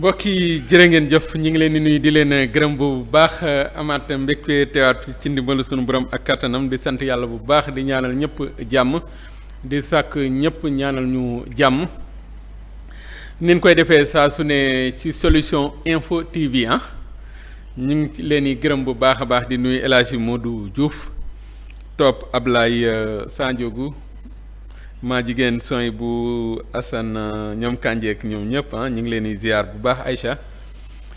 mbokk yi jërë ngeen jëf ñu ngi leen di nuyu di leen gërëm bu baax amaat mbégte teewaat ci ndimbalu sunu borom ak kattanam di sant yàlla bu baax di ñaanal ñëpp jàmm di sàkk ñëpp ñaanal ñu jàmm nin koy defee saa su ci solution info TV ah ñu leen di gërëm bu baax a baax di nuy El moo du juuf topp ab Ablaye Sanjogu maa jigéen soy bu Assane euh, ñoom Kànjeek ñoom ñëpp ah ñu ngi leen di ziar bu baax Aïcha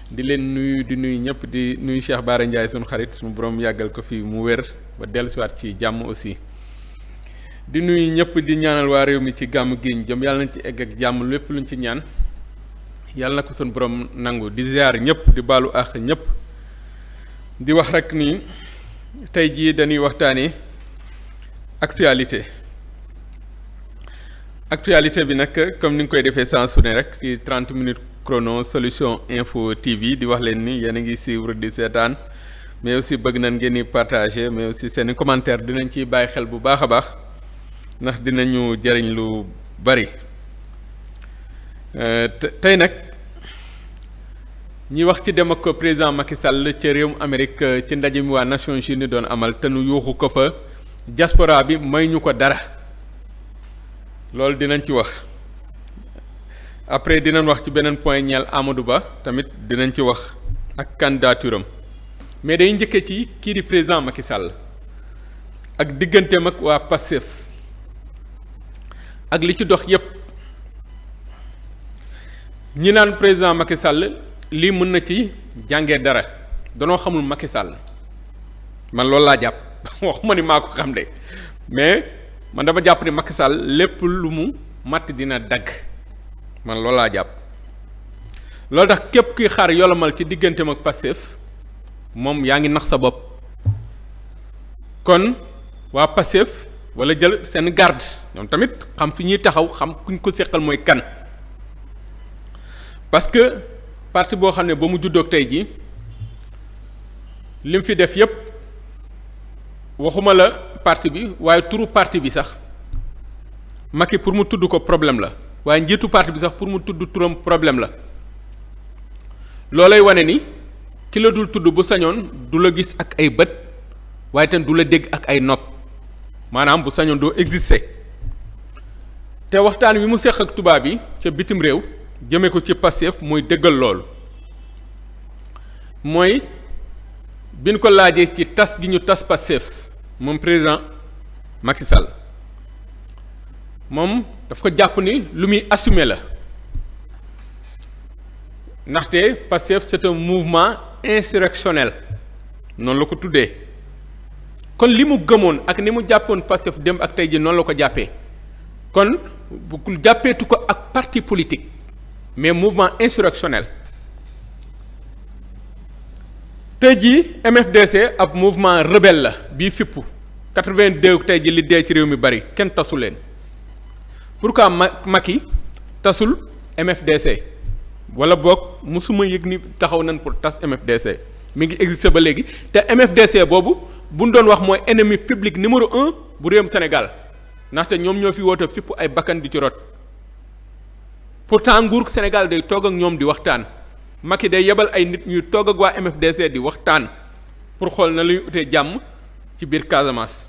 di leen nuyu di nuyu ñëpp di nuyu Cheikh Baara Ndiaye suñu xarit suñu borom yàggal ko fii mu wér ba dellusiwaat ci jàmm aussi di nuyu ñëpp di ñaanal waa réew mi ci gàmm gi ñu jëm yàlla nañ ci egg ak jàmm lépp luñ ci ñaan yàlla na ko suñu borom nangu di ziar ñëpp di baalu àq ñëpp di wax rek nii tey jii dañuy waxtaanee actualité. actualité bi nag comme ni nga koy defee sans su ne rek ci 30 minutes chrono solution info TV di wax leen ni yéen a ngi suivre di seetaan mais aussi bëgg nañ ngeen di partager mais aussi seeni i commentaire dinañ ciy bàyyi xel bu baax a baax ndax dinañu jëriñ lu bari euh, tey nag ñi wax ci dem ak président Macky Sall ca réewum Amérique ci ndaje mi waa Nations Unies doon amal te nu yuuxu ko fa diaspora bi may ñu ko dara. loolu dinañ ci wax après dinañ wax ci beneen point ñeel Amadou Ba tamit dinañ ci wax ak candidature am mais day njëkkee ci kii di président Macky Sall ak digganteem ak waa Pastef ak li ci dox yépp ñi naan président Macky Sall lii mën na ci jàngee dara danoo xamul Macky Sall man loolu laa jàpp ma ni maa ko xam de mais. man dama jàpp ni Macky lépp lu mu matt dina dagg man loolu laa jàpp loolu tax képp kuy xaar yolomal ci digganteem ak Pastef moom yaa ngi nax sa bopp kon waa Pastef wala jël seen garde ñoom tamit xam fi ñuy taxaw xam kuñ ko seqal mooy kan parce que parti boo xam ne ba mu juddoog tey ji lim fi def yépp waxuma la parti bi waaye turu parti bi sax Macky pour mu tudd ko problème la waaye njiitu parti bi sax pour mu tudd turam problème la loolay wane ni ki dul tudd bu sañoon du la gis ak ay bët waaye ten du la dégg ak ay nopp maanaam bu sañoon doo exister te waxtaan wi mu seq ak tubaab yi ca bitim réew jëmee ko ci Pastef mooy dëggal loolu mooy biñ ko laajee ci tas gi ñu tas Pastef moom président Macky moom daf ko jàpp ni lu muy assumer la ndaxte Pastef c'est un mouvement insurrectionnel noonu la ko tuddee kon li mu gëmoon ak ni mu jàppoon Pastef démb ak tey ji noonu la ko jàppee kon bu jàppeetu ko ak parti politique mais mouvement insurrectionnel tey jii MFDC ab mouvement rebelle la bii fippu 82 tey ji li dee ci réew mi bari kenn tasu leen pour pourquoi ma Macky tasul MFDC wala boog mosuma yëg ni taxaw nañ pour tas MFDC mi ngi existé ba léegi te MFDC boobu buñ doon wax mooy ennemi public numéro bu bu réewum senegal ndaxte ñoom ñoo fi woote fipp ay bakkan di ci rot pourtant nguur Sénégal day toog ak ñoom di waxtaan. Macky day yebal ay nit ñuy toog ak waa MFDC di waxtaan pour xool na luy utee jàmm ci biir Casamance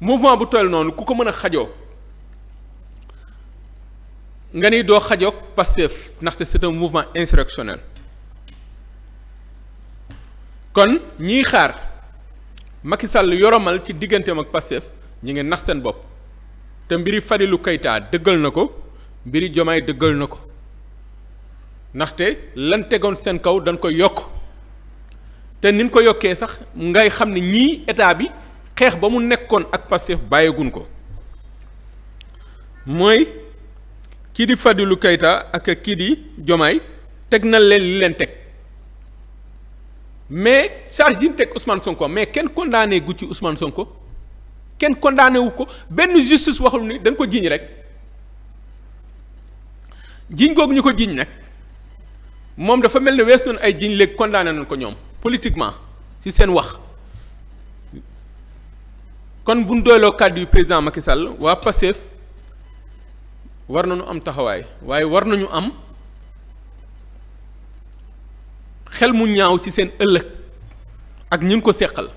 mouvement bu toll noonu ku ko mën a xajoo nga ni doo xajoog Pastef ndaxte c'est un mouvement insurrectionnel kon ñiy xaar Macky Sall yoromal ci digganteem ak Pastef ñi ngi nax seen bopp te mbiri Fadilou Keita dëggal na ko mbiri Diomaye dëggal na ko ndaxte lan tegoon seen kaw dañ ko yokk te nin ko yokkee sax ngay xam ne ñii état bi xeex ba mu nekkoon ak Pastef bàyyeegun ko mooy kii di Fadilou Keita ak kii di Diomaye teg na leen li leen teg mais charge yi ñu teg Ousmane Sonko mais kenn condamné gu usmaan son ko kenn condamné wu ko benn justice waxul ni dañ ko jiiñ rek jiiñ googu ñu ko jiiñ nag. moom dafa mel ni weesu nañ ay jiñ léegi condamné nañ ko ñoom politiquement ci seen wax kon buñ doyloo kàddu yu président Macky Sall waa Pastef war na nañu am taxawaay waaye war nañu am xel mu ñaaw ci seen ëllëg ak ñun ko seqal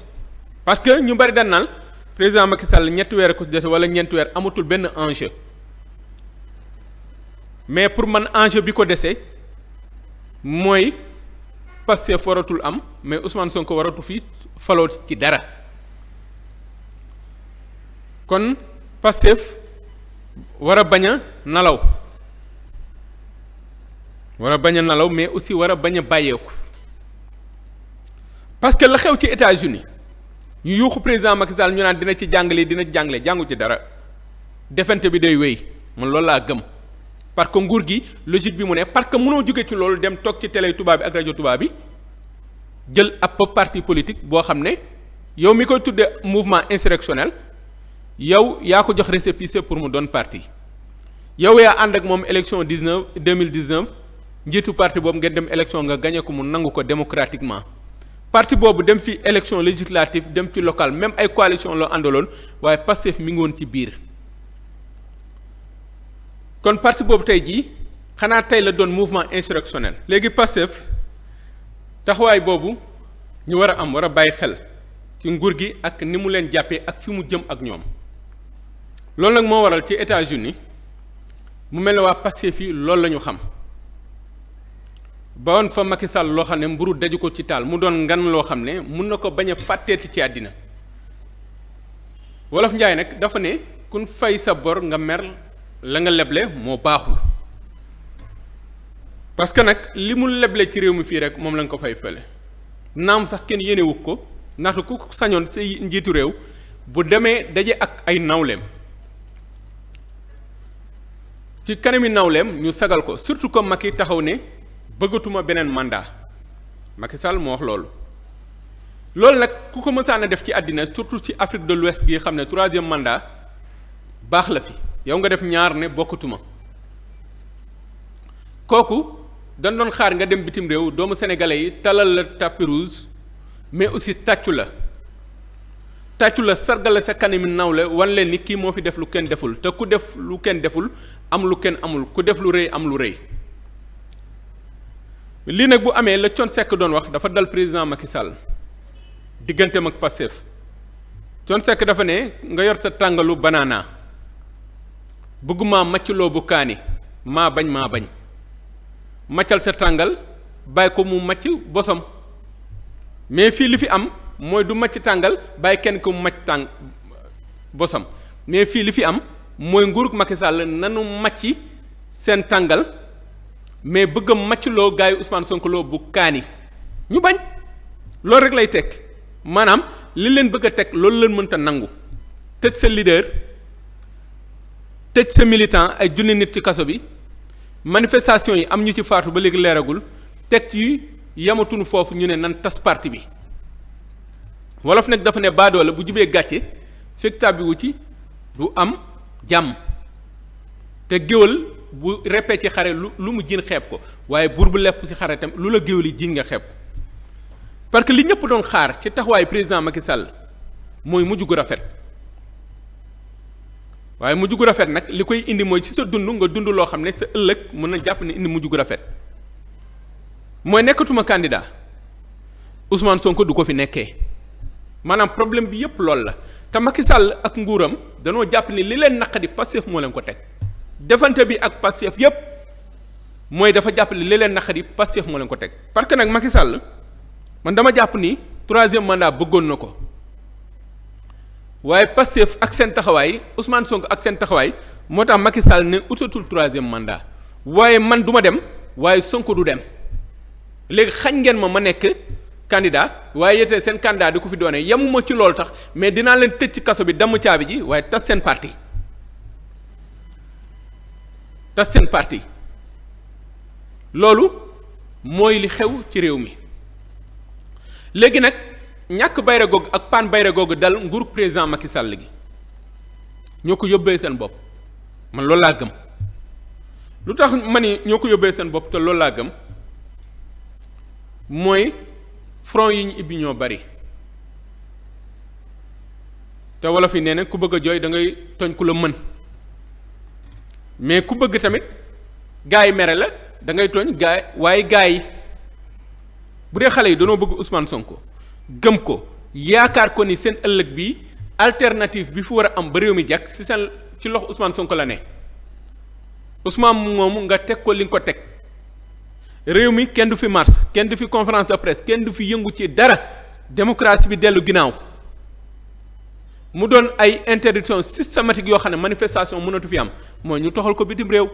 parce que ñu bari dañ naan président Macky Sall ñetti weer ko dese wala ñeenti weer amatul benn enjeu mais pour man enjeu bi ko dese. mooy Pastef waratul am mais Ousmane ko waratu fi faloo ci dara kon Pastef war a bañ a nalaw war a bañ a nalaw mais aussi war a bañ a bàyyeeku parce que la xew ci États-Unis ñu yuuxu président Macky Sall ñu naan dina ci jàngale dina ci jàngale jàngu ci dara defante bi day wéy man loolu laa gëm. parce que nguur gi logique bi mu ne parce que mënoo jóge ci loolu dem toog ci télé tubaab bi ak parti politique boo xam ne yow mi koy tuddee mouvement insurrectionnel yow yaa ko jox récépissé pour mu doon parti yow yaa ànd ak moom élection 19 2019 njiitu parti boobu ngeen dem élection nga gagné ko mu nangu ko démocratiquement parti boobu dem fi élection législative dem ci local même ay coalition loo àndaloon waaye Pastef mi ngi woon ci biir. kon parti boobu tey jii xanaa tey la doon mouvement insurrectionnel léegi Pastef taxawaay boobu ñu war a am war a bàyyi xel ci nguur gi ak ni mu leen jàppee ak fi mu jëm ak ñoom loolu nag moo waral ci États-Unis mu mel ne waa Pastef yi loolu lañu xam bawoon fa Macky Sall loo xam ne mburu daju ko ci taal mu doon ngan loo xam ne mun na ko bañ a fàtteeti ci àddina wolof Njaay nag dafa ne kun fay sa bor nga mer la nga leble moo baaxul parce que nag li mu leble ci réew mi fii rek moom la ko fay fële naam sax kenn yéenewu ko ndaxte ku sañoon si njiitu réew bu demee daje ak ay nawleem ci kanami nawleem ñu sagal ko surtout comme Macky taxaw ne bëggatuma beneen mandat Macky Sall moo wax loolu loolu nag ku ko mësaan a def ci àddina surtout ci Afrique de l'Ouest gi xam ne troisième mandat baax la fi yow nga def ñaar ne bokkatuma kooku dañ doon xaar nga dem bitim réew doomu sénégalais yi tàllal la tapis rouge mais aussi tàccu la tàccu la sargal la sa kanami nawle wan leen ni kii moo fi def lu kenn deful te ku def lu kenn deful am lu kenn amul ku def lu rëy am lu rëy lii nag bu amee la Thione Seck doon wax dafa dal président Macky Sall digganteem ak Pastef Thione Seck dafa ne nga yor sa tàngalu banaana bëgguma màccloo bu kaani maa bañ maa bañ màccal sa tàngal bàyyi ko mu macc bosam mais fii li fi am mooy du macc tàngal bàyyi kenn ko mu màcc tàng bosam mais fii li fi am mooy nguurug Macky Sall nanu macci seen tàngal mais bëgg a màccloo gars yi Ousmane Sonko loo bu kaani ñu bañ loolu rek lay teg maanaam li leen bëgg a teg loolu leen mënta nangu tëj sa leader tëj sa militant ay junni nit ci kaso bi manifestation yi am ñu ci faatu ba léegi leeragul teg ci yamatuñu foofu ñu ne nan tas parti bi wolof nag dafa ne baadoole bu jubee gàcce fekk tàbbi ci du am jàmm te géwal bu reppee ci xare lu lu mu jiin xeeb ko waaye buur bu lepp ci xare lu la géwal yi jiin nga xeeb ko parce que li ñëpp doon xaar ci taxawaayu président Macky Sall mooy mujj gu rafet waaye mujj gu rafet nag li koy indi mooy ci sa dund nga dund loo xam ne sa ëllëg mën na jàpp ne indi mujj gu rafet mooy nekkatuma candidat Ousmane Sonko du ko fi nekkee maanaam problème bi yëpp loolu la te Macky sàll ak nguuram danoo jàpp ni li leen naqadi Pastef moo leen ko teg defante bi ak Pastef yëpp mooy dafa jàpp ni li leen naqadi Pastef moo leen ko teg parce que nag Macky Sall man dama jàpp ni troisième mandat bëggoon na ko. waaye Pastef ak seen taxawaay Ousmane sonk ak seen taxawaay moo tax Macky Sall ne utatul troisième mandat waaye man du ma dem waaye Sonko du dem léegi xañ ngeen ma ma nekk candidat waaye yéete seen candidat di ko fi doone yemuma ci loolu tax mais dinaa leen tëj ci kaso bi damm caabi ji waaye tas seen parti tas seen parti loolu mooy li xew ci réew mi léegi nag ñàkk bayra googu ak paan bayra googu dal nguur président Macky sàll gi ñoo ko yóbbee seen bopp man loolu laa gëm lu tax ma ñoo ko yóbbee seen bopp te loolu laa gëm mooy front yi ñu ibbi ñoo bari te wolof yi nee na ku bëgg a jooy da ngay tooñ ku la mën mais ku bëgg tamit gars yi mere la da ngay tooñ gaay waaye gars yi bu dee xale yi danoo bëgg Ousmane Sonko gëm ko yaakaar ko ni seen ëllëg bi alternative bi fu war a am ba réew mi jàkk ci seen ci loxo Ousmane ko la ne Ousmane moomu nga teg ko li nga ko teg réew mi kenn du fi mars kenn du fi conférence de presse kenn du fi yëngu ci dara démocratie bi dellu ginnaaw mu doon ay interdiction systématique yoo xam ne manifestation mënatu fi am mooy ñu toxal ko bitim réew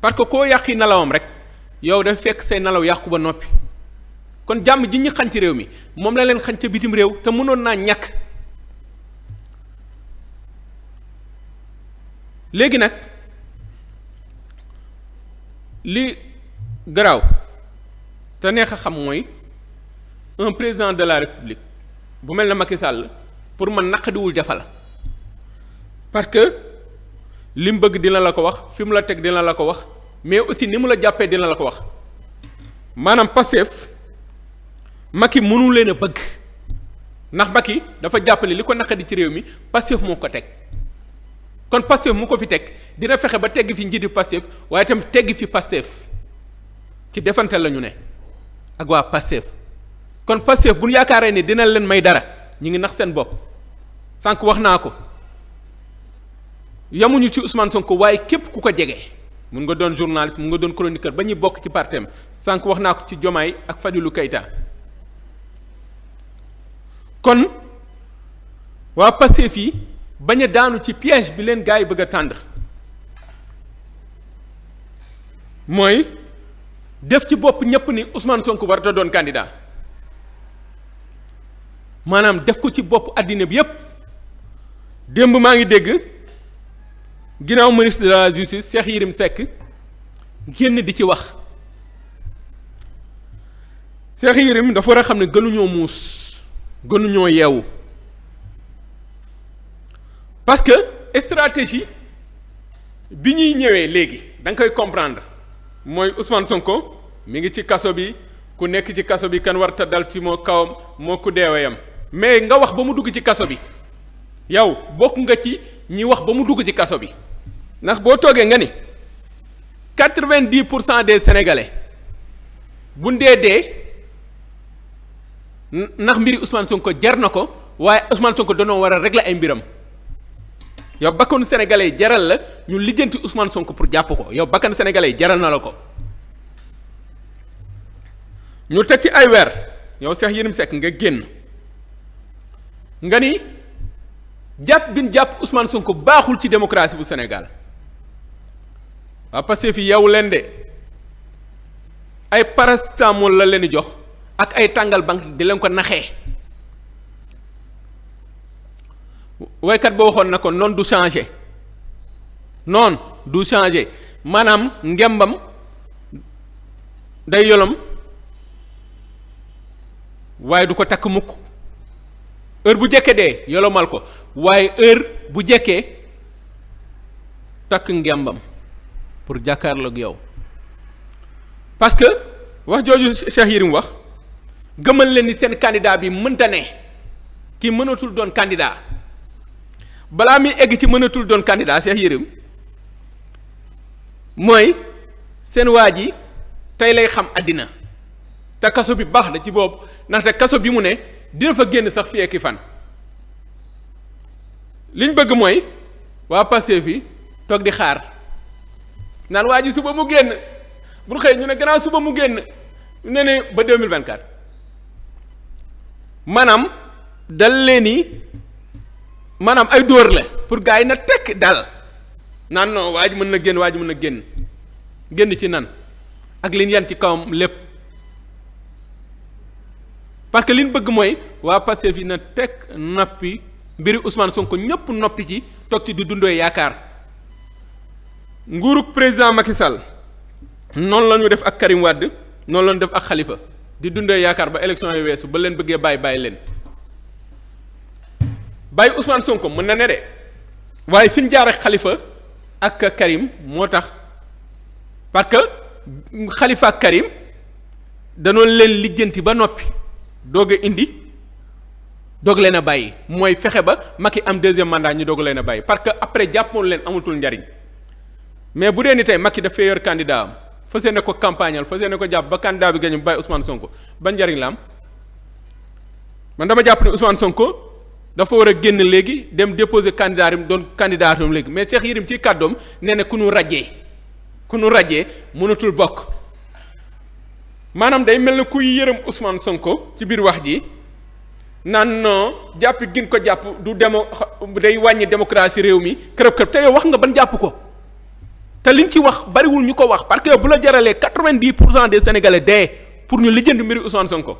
parce que koo yàqi nalawam rek yow daf fekk say nelaw yàqu ba noppi kon jàmm ji ñu xañ ci réew mi moom la leen xañ ca bitim réew te mënoon naa ñàkk léegi nag li garaaw te neex a xam mooy un président de la république bu mel na Macky Sall pour man naqadiwul defal la parce que li mu bëgg dina la ko wax fi mu la teg dina la ko wax mais aussi ni mu la jàppee dina la ko wax maanaam Pastef Macky mënu leen a bëgg ndax Macky dafa jàppale li ko naqadi ci réew mi Pastef moo ko teg kon Pastef mu ko fi teg dina fexe ba tegg fi njiitu Pastef waaye itam tegg fi Pastef ci defante la ñu ne ak waa Pastef kon Pastef bu ñu yaakaaree ne dina leen may dara ñu ngi nax seen bopp sànq wax naa ko yamuñu ci Ousmane ko waaye képp ku ko jege. mun nga doon journaliste mun nga doon chroniqueur ba ñuy bokk ci partem sànq wax naa ko ci Jomaay ak Fadilou Keita kon waa Pastef yi bañ a daanu ci piège bi leen gars yi bëgg a tendre mooy def ci bopp ñëpp ni Ousmane Sonko war a doon candidat maanaam def ko ci bopp àddina bi yépp démb maa ngi dégg ginnaaw ministre de la justice Cheikh Yérim sekk génn di ci wax Cheikh Yérim dafa war a xam ne gënuñoo muus gënuñoo yeewu parce que stratégie bi ñuy ñëwee léegi da koy comprendre mooy Ousmane Sonko mi ngi ci kaso bi ku nekk ci kaso bi kan war ta dal ci moo kawam moo ku deeweyam mais nga wax ba mu dugg ci kaso bi yow bokk nga ci ñi wax ba mu dugg ci kaso bi ndax boo toogee nga ni quatre-vingt-dix pour cent des sénégalais bu ndee dee ndax mbiri Ousmane Sonko jar na ko waaye Ousmane Sonko danoo war a ay mbiram yow bakkanu sénégalais yi jaral la ñu lijjanti Ousmane Sonko pour jàpp ko yow bakkan sénégalais yi jaral na la ko ñu teg ci ay weer yow seex Yérim Seck nga génn nga ni jàpp bin jàpp Ousmane Sonko baaxul ci démocratie bu Sénégal waa Pastef fi yeewu leen de ay paracétamol la leen di jox ak ay tàngal banque di leen ko naxee woykat boo waxoon na ko noonu du changé noonu du changé maanaam ngembam day yolom waaye du ko takk mukk heure bu jekkee dee yolomal ko waaye heure bu jekkee takk ngembam pour jàkkaarloog yow parce que wax jooju Cheikh Yérim wax gëmal leen di seen candidat bi mënta ne kii mënatul doon candidat balaa muy egg ci mënatul doon candidat Cheikh Yérim mooy seen waa ji tey lay xam àddina te kaso bi baax la ci boobu ndaxte kaso bi mu ne dina fa génn sax fii ak fan liñ bëgg mooy waa Pastef fi toog di xaar naan waa ji suba mu génn bu xëy ñu ne gannaaw suba mu génn ne ne ba deux mille vingt quatre maanaam dal leen ni maanaam ay dóor pour gars yi na tekk dal naan non waa ji mën na génn waa mën na génn génn ci nan ak liñ yan ci kawam lépp parce que liñ bëgg mooy waa Pastef yi na tekk nappi mbiri Ousmane Sonko ñëpp noppi ci toog ci du dundoo yaakaar. nguuru président Macky noonu la ñu def ak Karim Wade noonu la def ak Khalifa di dundee yaakaar ba élection yu weesu ba leen bëggee bàyyi bàyyi leen bàyyi Ousmane Sonko mën na ne de waaye fi ñu jaar ak Khalifa ak Karim moo tax parce que Khalifa ak Karim danoon leen lijjanti ba noppi doog indi doog leen a bàyyi mooy fexe ba Macky am deuxième mandat ñu doog leen a bàyyi parce que après jàppoon leen amatul njariñ mais bu dee ni tey Macky daf fee yor candidat am fas yéene ko campagnal fa yéene ko jàpp ba candidat bi gañu bàyyi Ousmane Sonko ban njariñ la man dama jàpp ne Ousmane Sonko dafa war a génn léegi dem déposer candidat am doon candidat am léegi mais Cheikh Yérim ci kàddoom nee na ku nu rajee ku nu rajee mënatul bokk maanaam day mel na kuy yërëm Ousmane Sonko ci biir wax ji naan non jàpp gin ko jàpp du demo day wàññi démocratie réew mi kërëb kërëb te wax nga ban jàpp ko te li liñ ci wax bariwul ñu ko wax parce que bu la jaralee quatre vingt pour cent des sénégalais dee pour ñu lijjanti mbiri Ousmane Sonko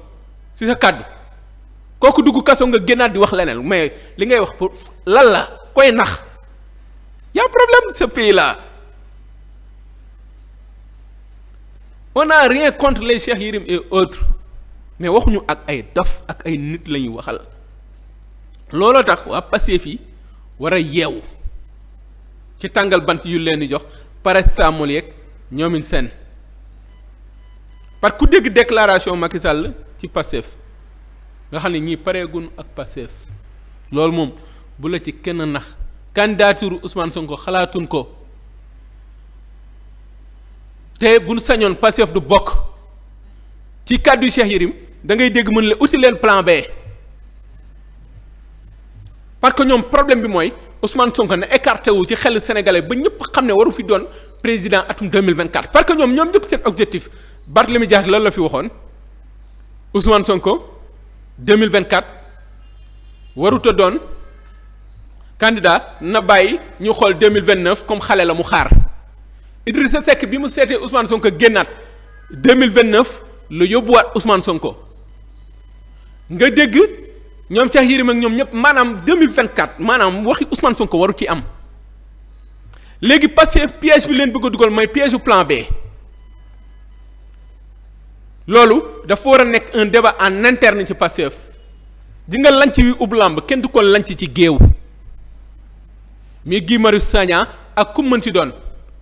si sa kàddu kooku dugg kaso nga génnaat di wax leneen mais li ngay wax pour lal la koy nax y'a problème ce pays là on n'a rien contre les Cheikh Yérim et autres mais waxuñu ak ay dof ak ay nit la ñuy waxal looloo tax waa Pastef yi war a yeewu ci tàngal bant yu leen di jox paracétamol yeeg ñoomin seen parce que ku dégg déclaration Macky Sall ci Pastef nga xam ne ñii pareegun ak Pastef loolu moom bu la ci kenn nax candidature Ousmane Sonko xalaatuñ ko te bu nu sañoon Pastef du bokk ci kàddu Cheikh Yérim da ngay dégg mën la uti leen plan B parce que ñoom problème bi mooy Ousmane Sonko na écarté wu ci xel sénégalais ba ñëpp xam ne waru fi doon président atum 2024 parce que ñoom ñoom ñëpp seen objectif Barthélemy Dias lan la fi waxoon Ousmane Sonko 2024 warut a doon candidat na bàyyi ñu xool 2029 comme xale la mu xaar sa Seck bi mu seetee Ousmane Sonko génnaat 2029 la yóbbuwaat Ousmane Sonko nga dégg. ñoom Cheikh Yérim ak ñoom ñëpp maanaam 2024 maanaam waxi Ousmane ko waru ci am léegi Pastef piège bi leen bëgg dugal mooy piège u plan loolu dafa war a nekk un débat en interne ci Pastef di nga lanc wi ub làmb kenn du ko lanc ci géew mi Guy Marius Sagna ak ku mën ci doon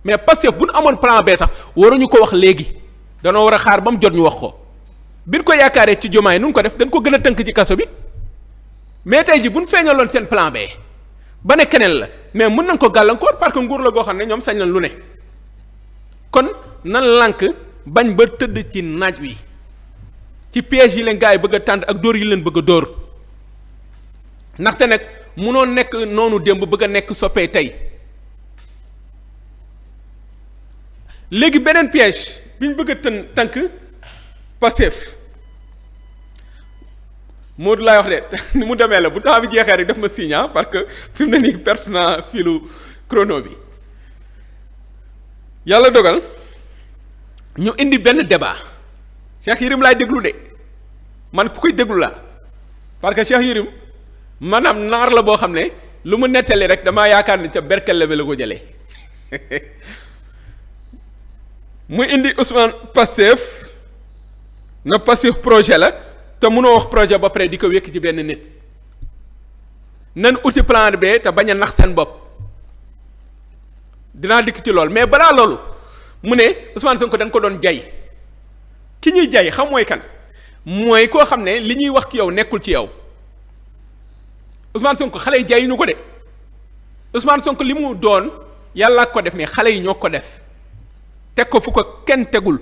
mais Pastef bu nu amoon plan B sax waruñu ko wax léegi danoo war a xaar ba mu jot ñu wax ko bi ñu ko yaakaaree ci jomaay nu ko def dañ ko gën a tënk ci kaso bi. mais tey ji bu ñu feeñaloon seen plan B ba ne keneen la mais mën nañ ko gàllankoor parce que nguur la goo xam ne ñoom sañ nañ lu ne kon nan lank bañ ba tëdd ci naaj wi ci piège yi leen gars yi bëgg a tànd ak dóor yi leen bëgg dóor ndaxte nag mënoo nekk noonu démb bëgg a nekk soppee tey léegi beneen piège bi ñu bëgg a tën tank Pastef Modou laay wax de ni mu demee la bu temps bi jeexee rek daf ma signa ah, parce que fi mu ne nii perte naa filu chrono bi yàlla dogal ñu indi benn débat Cheikh Yérim laay déglu de man ku koy déglu laa parce que Cheikh Yérim maanaam naar la boo xam ne lu mu nettali rek damaa yaakaar ni ca Berkele bi la ko jëlee mu indi Ousmane Pastef na Pastef projet la. te mënoo wax projet ba pare di ko wékk ci benn nit nan uti plan B te bañ a nax seen bopp dinaa dikk ci lool mais balaa loolu mu ne Ousmane Sonko dañ ko doon jay ki ñuy jay xam mooy kan mooy koo xam ne li ñuy wax ki yow nekkul ci yow Ousmane Sonko xale yi jay ñu ko de Ousmane Sonko li mu doon yàlla ko def mais xale yi ñoo ko def teg ko fu ko kenn tegul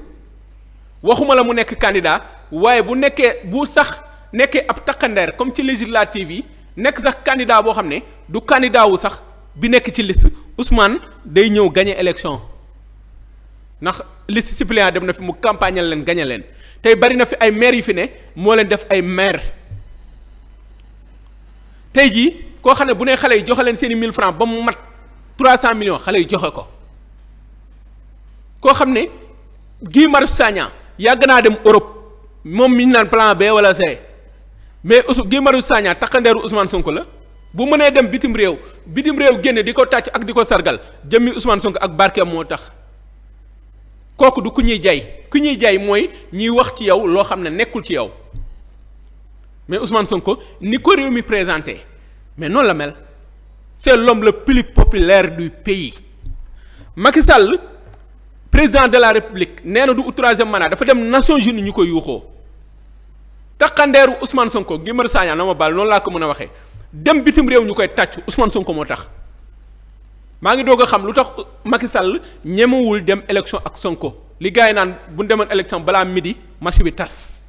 waxuma la mu nekk candidat waaye bu nekkee bu sax nekkee ab takkandeer comme ci législative yi nekk sax candidat boo xam ne du candidat wu sax bi nekk ci list Ousmane day ñëw gagné élection ndax liste suppléant dem na fi mu campagne leen gagné leen tey bari na fi ay maire yi fi ne moo leen def ay maire tey jii koo xam ne bu ne xale yi joxe leen seeni mille francs ba mu mat trois cent millions xale yi joxe ko koo xam ne Guy Marius Sagna yàgg naa dem Europe moom mi ñu naan plan B wala C mais Ousou Guy Marius Sagna takkandeeru Ousmane Sonko la bu mënee dem bitim réew bitim réew génn di ko tàcc ak di ko sargal jëmmi Ousmane Sonko ak barkeem moo tax kooku du ku ñuy jaay ku ñuy jaay mooy ñuy wax ci yow loo xam ne nekkul ci yow mais Ousmane Sonko ni ko réew mi présenté mais noonu la mel c'est l'homme le plus populaire du pays Macky Sall président de la république nee na du troisième mandat dafa dem Nations Unies ñu koy yuuxoo taqandeeru Ousmane Sonko Guy Marius na ma baal noonu laa ko mën a waxee dem bitim réew ñu koy tàcc Ousmane Sonko moo tax maa ngi doog a xam lu tax Macky Sall ñemewul dem élection ak Sonko li gars naan bu ñu demoon élection balaa midi marché bi tas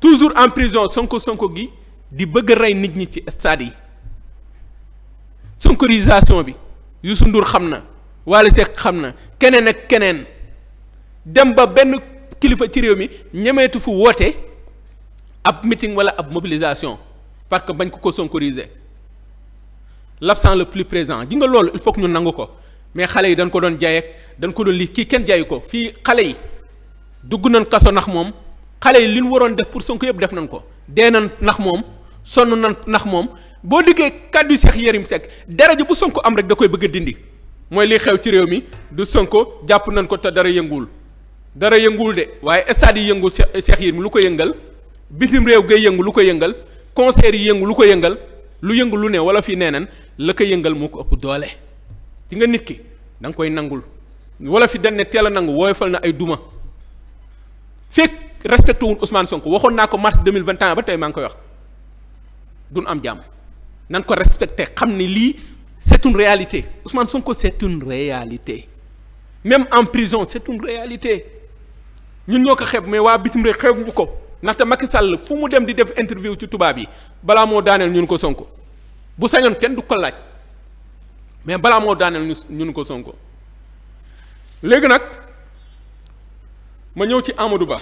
toujours en prison Sonko Sonko gi di bëgg a rey nit ñi ci stade yi sonkorisation bi Youssou Ndour xam na. Wally Seck xam na keneen ak keneen dem ba benn kilifa ci réew mi ñemeetu fu woote ab meeting wala ab mobilisation parce que bañ ko ko sonkoriser l'absent le plus présent ji nga loolu il faut que ñu nangu ko mais xale yi dañ ko doon jaay ak dañ ko doon lii kii kenn jaayu ko fii xale yi dugg nañ kaso nax moom xale yi li ñu waroon def pour sonk yëpp def nañ ko dee nañ nax moom sonn nañ ndax moom boo diggee kàddu Cheikh Yérim Seck dara ji bu Sonko am rek da koy bëgg dindi. mooy li xew ci réew mi du Sonko jàpp nañ ko te dara yënguwul dara yënguwul de waaye stade yi yëngu Cheikh Yérim lu ko yëngal bitim réew gay yëngu lu ko yëngal concert yi yëngu lu ko yëngal lu yëngu lu ne wala fii nan la ko yëngal moo ko ëpp doole ci nga nit ki da koy nangul wala fi dañ ne teel a nangu fal na ay duma fekk respecté wul Ousmane Sonko waxoon naa ko mars 2021 ba tey maa ngi koy wax duñ am jàmm nan ko respecté xam ni lii c'est une réalité Ousmane Sonko c'est une réalité même en prison c'est une réalité ñun ñoo ko xeeb mais waa bitim réew xeebuñu ko ndaxte Macky Sall fu mu dem di def interview ci tubaab yi balaa moo daaneel ñun ko Sonko bu sañoon kenn du ko laaj mais balaa moo daaneel ñun ko Sonko léegi nag ma ñëw ci Amadou Ba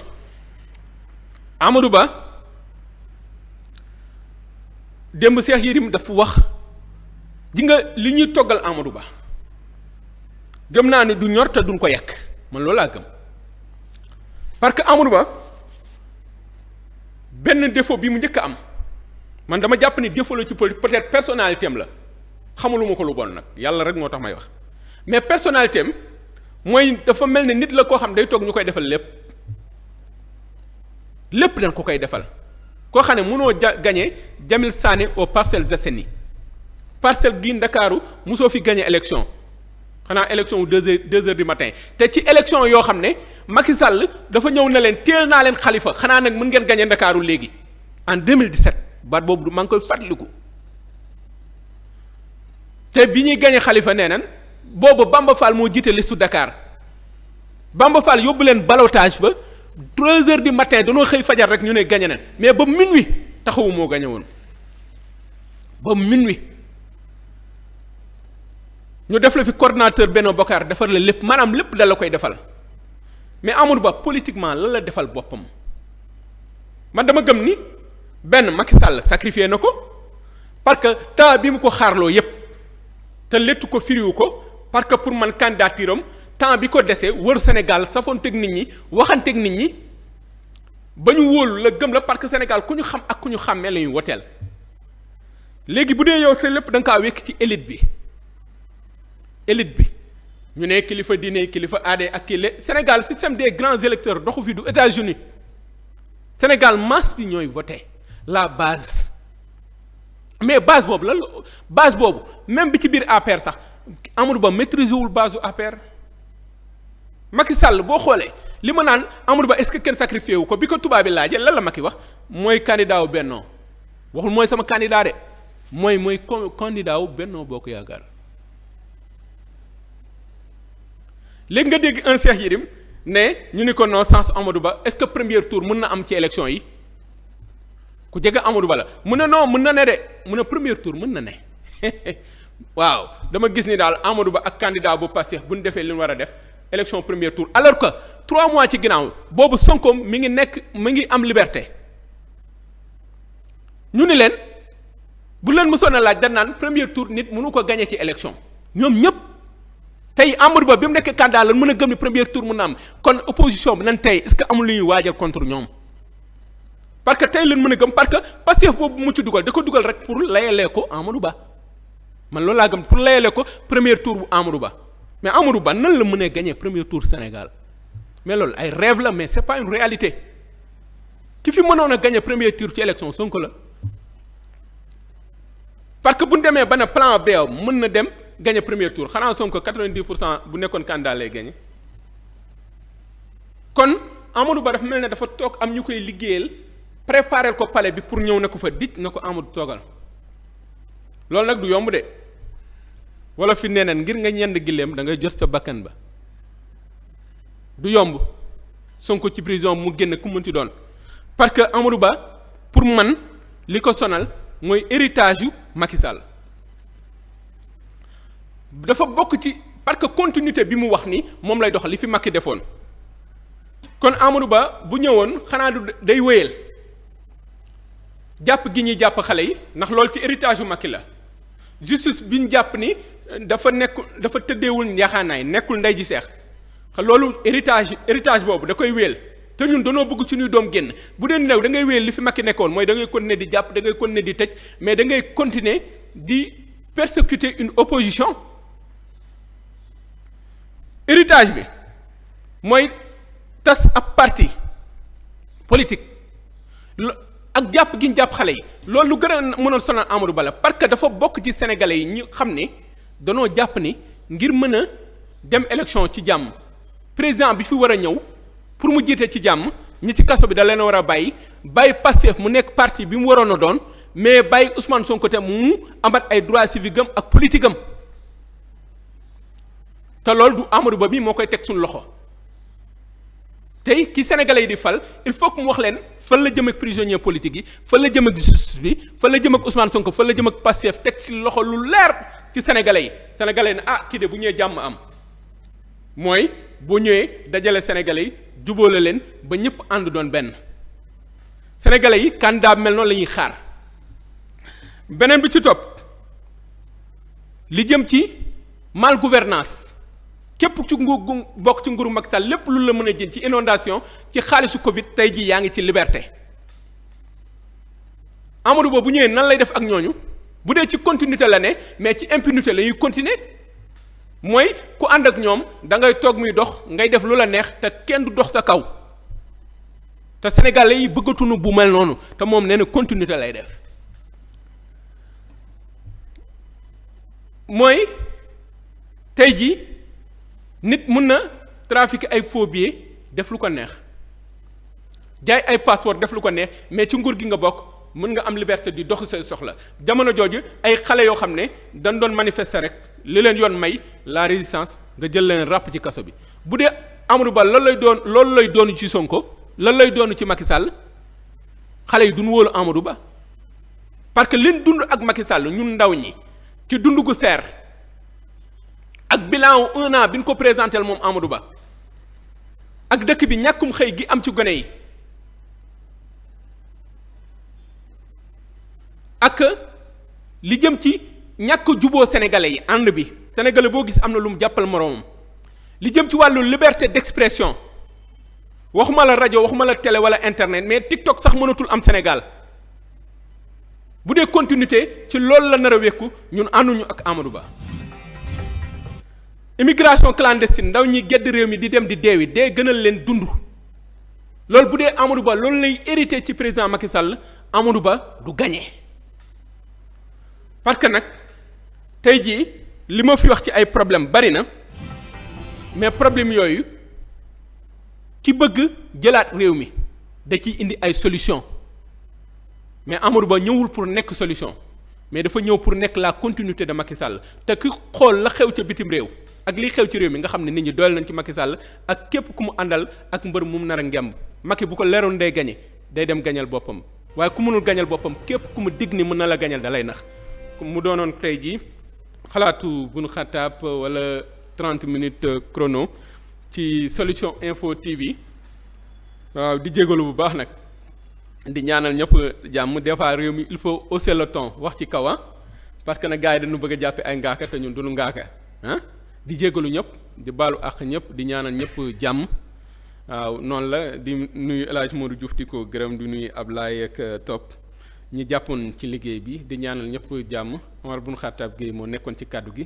Amadou Ba démb Cheikh Yérim dafa wax. di nga li ñuy toggal Amadou Ba gëm naa ne du ñor te duñ ko yàq man loolu laa gëm parce que Amadou Ba benn defoo bi mu njëkk am man dama jàpp ni défaut la ci politique peut-être personnalité am la xamuluma ko lu bon nag yàlla rek moo tax may wax mais personnalité mooy dafa mel ne nit la koo xam day toog ñu koy defal lépp lépp dañ ko koy defal koo xam ne mënoo ja gagné Jamil Sané aux Parcelles Assainies parcelle gi ndakaaru mosoo fi gagné élection xanaa élection wu deux heures deux heures du matin te ci élection yoo xam ne Macky Sall dafa ñëw na leen teel naa leen xalifa xanaa nag mën ngeen gagné ndakaaru léegi en 2017 baat boobu maa ngi koy fàttaliku te bi ñuy gagné xalifa nee nañ boobu Bamba Fall moo jiite listu Dakar Bamba Fall yóbbu leen ballottage ba trois heures du matin dañoo xëy fajar rek ñu ne gagné nañ mais ba minuit taxawu moo gagné woon ba minuit. ñu def la fi coordinateur benn Bokar defar la lépp maanaam lépp da koy defal mais amul Ba politiquement lan la defal boppam man dama gëm ni benn Macky Sall sacrifié na ko parce que temps bi mu ko xaarloo yépp te létt ko firiwu ko parce que pour man candidature am temps bi ko desee wër Sénégal safoonteeg nit ñi waxanteeg nit ñi ba ñu wóolu la gëm la parce que Sénégal ku ñu xam ak ku ñu xàmmee la ñuy woteel léegi bu dee yow te lépp da nga kaa wekk ci élite bi. élite bi ñu ne kilifa diine kilifa aade ak kile Sénégal système des grands électeurs doxu fi du États-Unis Sénégal masse bi ñooy voté la base mais base boobu lan base boobu même bi ci biir APR sax Amadou Ba maîtriser wul base su APR Sall boo xoolee li ma naan Amadou Ba est-ce que kenn sacrifié wu ko bi ko tubaab bi laajee lan la Macky wax mooy candidat wu bennoo waxul mooy sama candidat de mooy mooy candidat wu bennoo boo ko yaakaar. léegi nga dégg un Cheikh Yérim ne ñu ni ko non sans Amadou Ba est-ce que premier tour mun na am ci élection yi ku jege Amadou Ba la mun na non mën na ne de mun na premier tour mun na ne waaw dama gis ni daal Amadou Ba ak candidat bu Pastef bu ñu defee li ñu war a def élection premier tour alors que trois mois ci ginnaaw boobu Sonkoom mi ngi nekk mi ngi am liberté ñu ni leen bu leen mësoon a laaj dañ naan premier tour nit mënu ko gañee ci élection ñoom ñëpp. tey Amadou Ba bi mu nekk candidat lan mën a gëm ni premier tour mun na am kon opposition bi nan tey est-ce que amul lu ñuy waajal contre ñoom parce que tey lan mën a gëm parce que Pastef boobu mu ci dugal da ko dugal rek pour layalee ko Amadou Ba man loolu laa gëm pour layalee ko premier tour bu Amadou Ba mais Amadou Ba nan la mën a gagner premier tour Sénégal mais loolu ay rêve la mais c'est pas une réalité ki fi mënoon a gañee premier tour ci élection Sonko que bu ñu demee ba ne plan B mën na dem. gagné premier tour xanaa Sonko 90 pour cent bu nekkoon candidat lay gagné kon Amadou Ba dafa mel ne dafa toog am ñu koy liggéeyal préparel ko pale bi pour ñëw na ko fa dij nga ko Amadou toogal loolu nag du yomb de wala fi neneen ngir nga ñend gileem da ngay jot sa bakkan ba du yomb Sonko ci prison mu génn ku mënti doon parce que Amadou Ba pour man li ko sonal mooy héritage yu Macky dafa bokk ci parce que continuité bi mu wax ni moom lay doxal li fi Macky defoon kon Amadou Ba bu ñëwoon xanaa du day wéyal jàpp gi ñuy jàpp xale yi ndax loolu ci héritage bu Macky la justice bi ñu jàpp ni dafa nekk dafa tëddeewul yaxaanaay nekkul ndey ji seex loolu héritage héritage boobu da koy wéyal te ñun danoo bëgg suñuy doom génn bu dee new da ngay wéyal li fi Macky nekkoon mooy da ngay continuer di jàpp dangay ngay continuer di tëj mais da ngay continuer di persécuter une opposition héritage bi mooy tas ab parti politique ak jàpp gi ñu jàpp xale yi loolu lu gën a mënoon sonal Amadou bala la parce que dafa bokk ci sénégalais yi ñu xam ni danoo jàpp ni ngir mën a dem élection ci jàmm président bi fi war a ñëw pour mu jiite ci jàmm ñi ci kaso bi da leen war a bàyyi bàyyi Pastef mu nekk parti bi mu waroon a doon mais bàyyi Ousmane Sonko te mu amat ay droits civiques ak politique am. te loolu du amaru Ba bi moo koy teg suñu loxo tey ki sénégalais yi di fal il faut que mu wax leen fan la jëm ak prisonnier politique yi fan la jëm ak justice bi fan la jëm ak Ousmane Sonko fan la jëm ak Pastef teg ci loxo lu leer ci sénégalais yi sénégalais ne ah kii de bu ñëwee jàmm am mooy bu ñëwee dajale sénégalais yi jubóole leen ba ñëpp ànd doon benn sénégalais yi candidat mel noonu lañuy xaar beneen bi ci topp li jëm ci mal gouvernance képp ci ngu gu bokk ci nguuru Macky Sall lépp lu la mën a jën ci inondation ci xaalisu Covid tey jii yaa ngi ci liberté Amadou Ba ñëwee nan lay def ak ñooñu bu dee ci continuité la ne mais ci impunité la ñuy continuer mooy ku ànd ak ñoom dangay ngay toog muy dox ngay def lu la neex te kenn du dox sa kaw te sénégalais yi bëggatunu bu mel noonu te moom nee na continuité lay def mooy tey ji nit mun na trafiquer ay faux billets def lu ko neex jaay ay passeport def lu ko neex mais ci nguur gi nga bokk mën nga am liberté di dox say soxla jamono jooju ay xale yoo xam ne dañ doon manifester rek li leen yoon may la résistance nga jël leen ràpp ci kaso bi bu dee Amadou Ba lan lay doon loolu lay doonu ci Sonko lan lay doon ci Macky Sall xale yi duñ wóolu Amadou Ba parce que liñ dund ak Macky ñun ndaw ñi ci dund gu seer. ak bilan wu un bi ñu ko présenté moom Amadou Ba ak dëkk bi ñàkkum xëy gi am ci gone yi ak li jëm ci ñàkk juboo sénégalais yi ànd bi sénégalais boo gis am na lu mu jàppal moroomam li jëm ci wàllu liberté d'expression waxuma la rajo waxuma la tele wala internet mais TikTok sax mënatul am senegal bu dee continuité ci loolu la nar wékku ñun ànduñu ak Amadou Ba immigration clandestine ndaw ñi gedd réew mi di dem di deewi dee gënal leen dund loolu bu dee Amadou Ba loolu lay érité ci président Macky Sall Amadou Ba du gagné parce que nag tey jii li ma fi wax ci ay problème bari na mais problème yooyu ki bëgg jëlaat réew mi da ciy indi ay solution mais Amadou Ba ñëwul pour nekk solution mais dafa ñëw pour nekk la continuité de Macky Sall te ki xool la xew ca bitim réew ak liy xew ci réew mi nga xam ne nit ñi doyal nañ ci Macky Sall ak képp ku mu àndal ak mbër mu nar a ngemb Macky bu ko leeroon day gañe day dem gañal boppam waaye ku mënul gañal boppam képp ku mu digg ni mën na la gañal dalay nax mu doonoon tey jii xalaatu buñu xataab walla trent minutes euh, chrono ci solution info TV waaw di jégalu bu baax nag di ñaanal ñëpp jàmm des fois réew mi il faut hausser le ton wax ci kaw ah. parce que nag gars yi dañu bëgg a jàppe ay ngaaka te ñun ngaaka ah. di jégalu ñëpp di baalu àq ñëpp di ñaanal ñëpp jàmm waaw noonu la di nuyu El moo Modou Diouf di ko gërëm di nuyu Ablaye ak euh, Top ñi jàppoon ci liggéey bi di ñaanal ñëpp jàmm Omar bun Xattaab Gueye moo nekkoon ci kàddu gi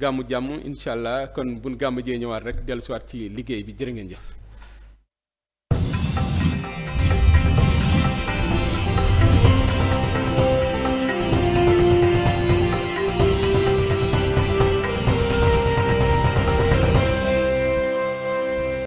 gàmmu jàmm incha allah kon bun gàmm jee ñëwaat rek dellusiwaat ci liggéey bi jërë ngeen jëf.